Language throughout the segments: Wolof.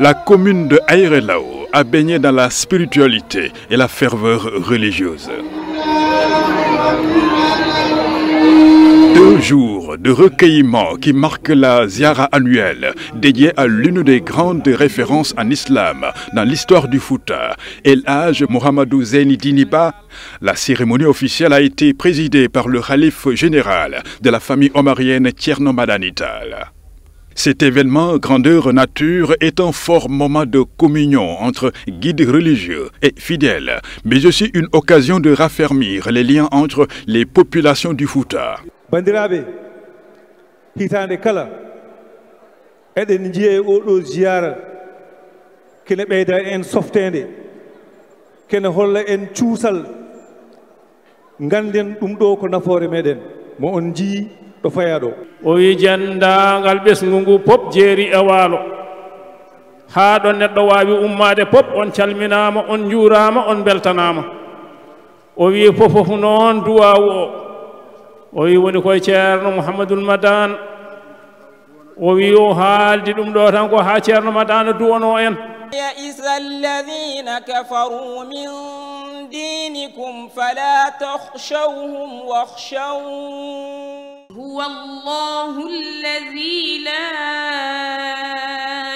La commune de Aérelao a baigné dans la spiritualité et la ferveur religieuse. Deux jours de recueillement qui marquent la ziara annuelle dédiée à l'une des grandes références en islam dans l'histoire du Fouta, El Hadj Mohamedou Zeyni La cérémonie officielle a été présidée par le khalife général de la famille omarienne Thierno Cet événement grandeur nature est un fort moment de communion entre guides religieux et fidèles, mais aussi une occasion de raffermir les liens entre les populations du Fouta. Bandiraɓe hitaande kala eɗen njiya e oɗo ziyara kene ɓeyda en softede kene holla en cuusal ganden ɗum ɗo ko nafoore meɗen mo on njii ɗo faya ɗo o wi jenndaangal ɓesngu ngu pop jeeri e waalo haa ɗo neɗɗo waawi ummaade pop on calminaama on njuuraama on mbeltanaama o wii fofof noon duwawu o o wii woni koye ceerno mouhamadoul madane o wii o haaldi ɗum ɗo tan ko haa ceerno madane duwano en يئس الذين كفروا من دينكم فلا تخشوهم واخشون هو الله الذي لا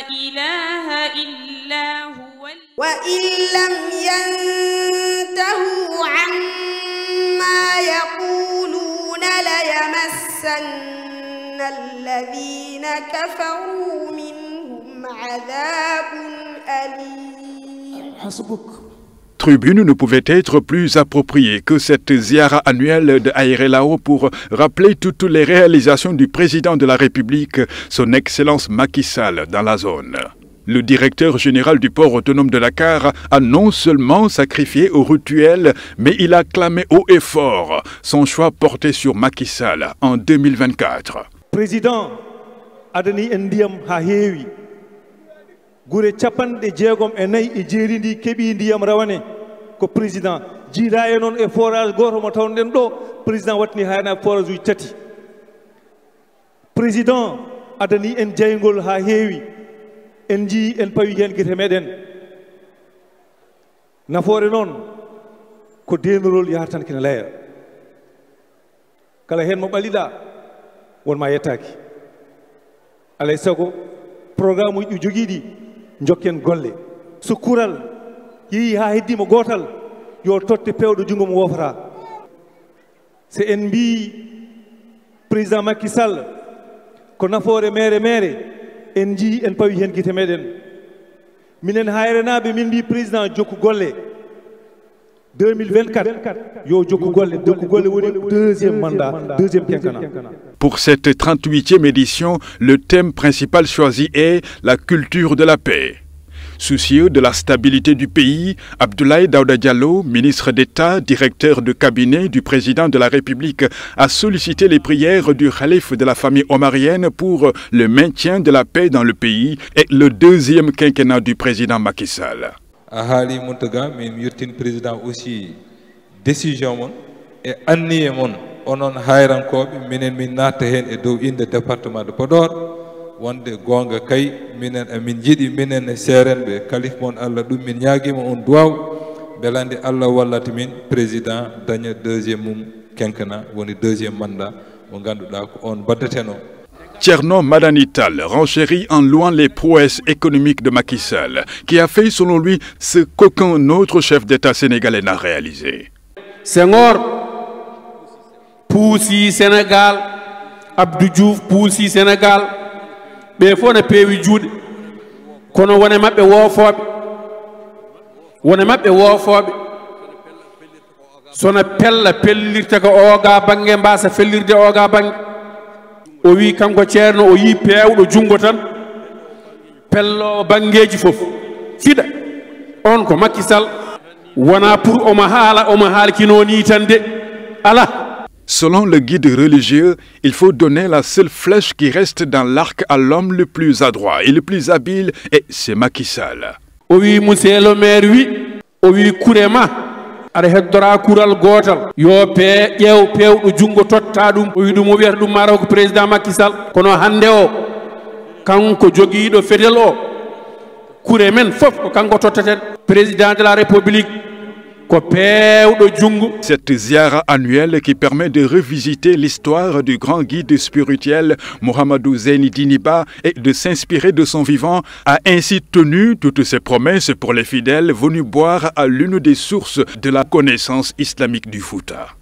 إله إلا هو وإن لم ينتهوا عما يقولون ليمسن الذين كفروا منهم عذاب أليم حسبك tribune ne pouvait être plus appropriée que cette ziara annuelle de e pour rappeler toutes les réalisations du président de la République, son Excellence Macky Sall, dans la zone. Le directeur général du port autonome de Dakar a non seulement sacrifié au rituel, mais il a clamé haut et fort son choix porté sur Macky en Président, adani en ndiyam gure capanɗe jeegom e nayi e jeeri ndi keɓi ndiyam rawane ko président jiida e noon e forage goto mo tawnoɗen ɗo président wattani hayna forage uji tati président adani en jeygol ha heewi en jii en pawi hen guite meɗen nafoore noon ko denurol yahat tan kene kala hen mo ɓaliɗa wonma yettaki alay saago programme uji ɗi jogui golle so yeehi ha heddima gotal yoo totte pewɗo junngo mo wofata so en mbi président makky sall ko nafoore mere mere en jii en pawi heen gite meɗen minen hayrenaɓe min mbi président jokku golle 2024. Pour cette 38e édition, le thème principal choisi est la culture de la paix. Soucieux de la stabilité du pays, Abdoulaye Daouda Diallo, ministre d'État, directeur de cabinet du président de la République, a sollicité les prières du khalife de la famille omarienne pour le maintien de la paix dans le pays et le deuxième quinquennat du président Macky Sall. a haali mon taga min yettin président aussi décision mon e de Podor wonde goonga kay minen emin jiɗi minen e seeren kalif mon allah ɗum min ñaaguima on duwaw belande allah wallata min président daña deuxiéme mum kenkana woni deuxiéme mandat mo ganduɗa ko on baddateno Tcherno Madani renchérit en louant les prouesses économiques de Macky qui a fait selon lui ce qu'aucun autre chef d'État sénégalais n'a réalisé. Senghor puusi Sénégal Abdou Diouf puusi Sénégal ɓe fof no peewi juuɗe kono wone maɓɓe woofooɓe wone maɓɓe woofooɓe sono pella pellirta ko ooga bange mbasa fellirde ooga bange o wi kanko ceerno o yii peewɗo junngo tan pelloowo bangeeji fof fiɗa on ko makkisal wona pour omo haala omo haalkinoo nii tan de alaa Selon le guide religieux, il faut donner la seule flèche qui reste dans l'arc à l'homme le plus adroit et le plus habile, et c'est Macky o wi museelo maire wi o wi kure ma aɗa heddora kural gootal yo peewɗo junngo totta ɗum o wi ɗum o wiyata ɗum mataw ko président kono hannde o kanko jogiiɗo fetel o kure men fof ko kanko tottaten président de la république ko peewɗo junngo cette ziara annuelle qui permet de revisiter l'histoire du grand guide spirituel Mouhamadou Zeyni Dini Ba et de s'inspirer de son vivant a ainsi tenu toutes ses promesses pour les fidèles venus boire à l'une des sources de la connaissance islamique du Fouta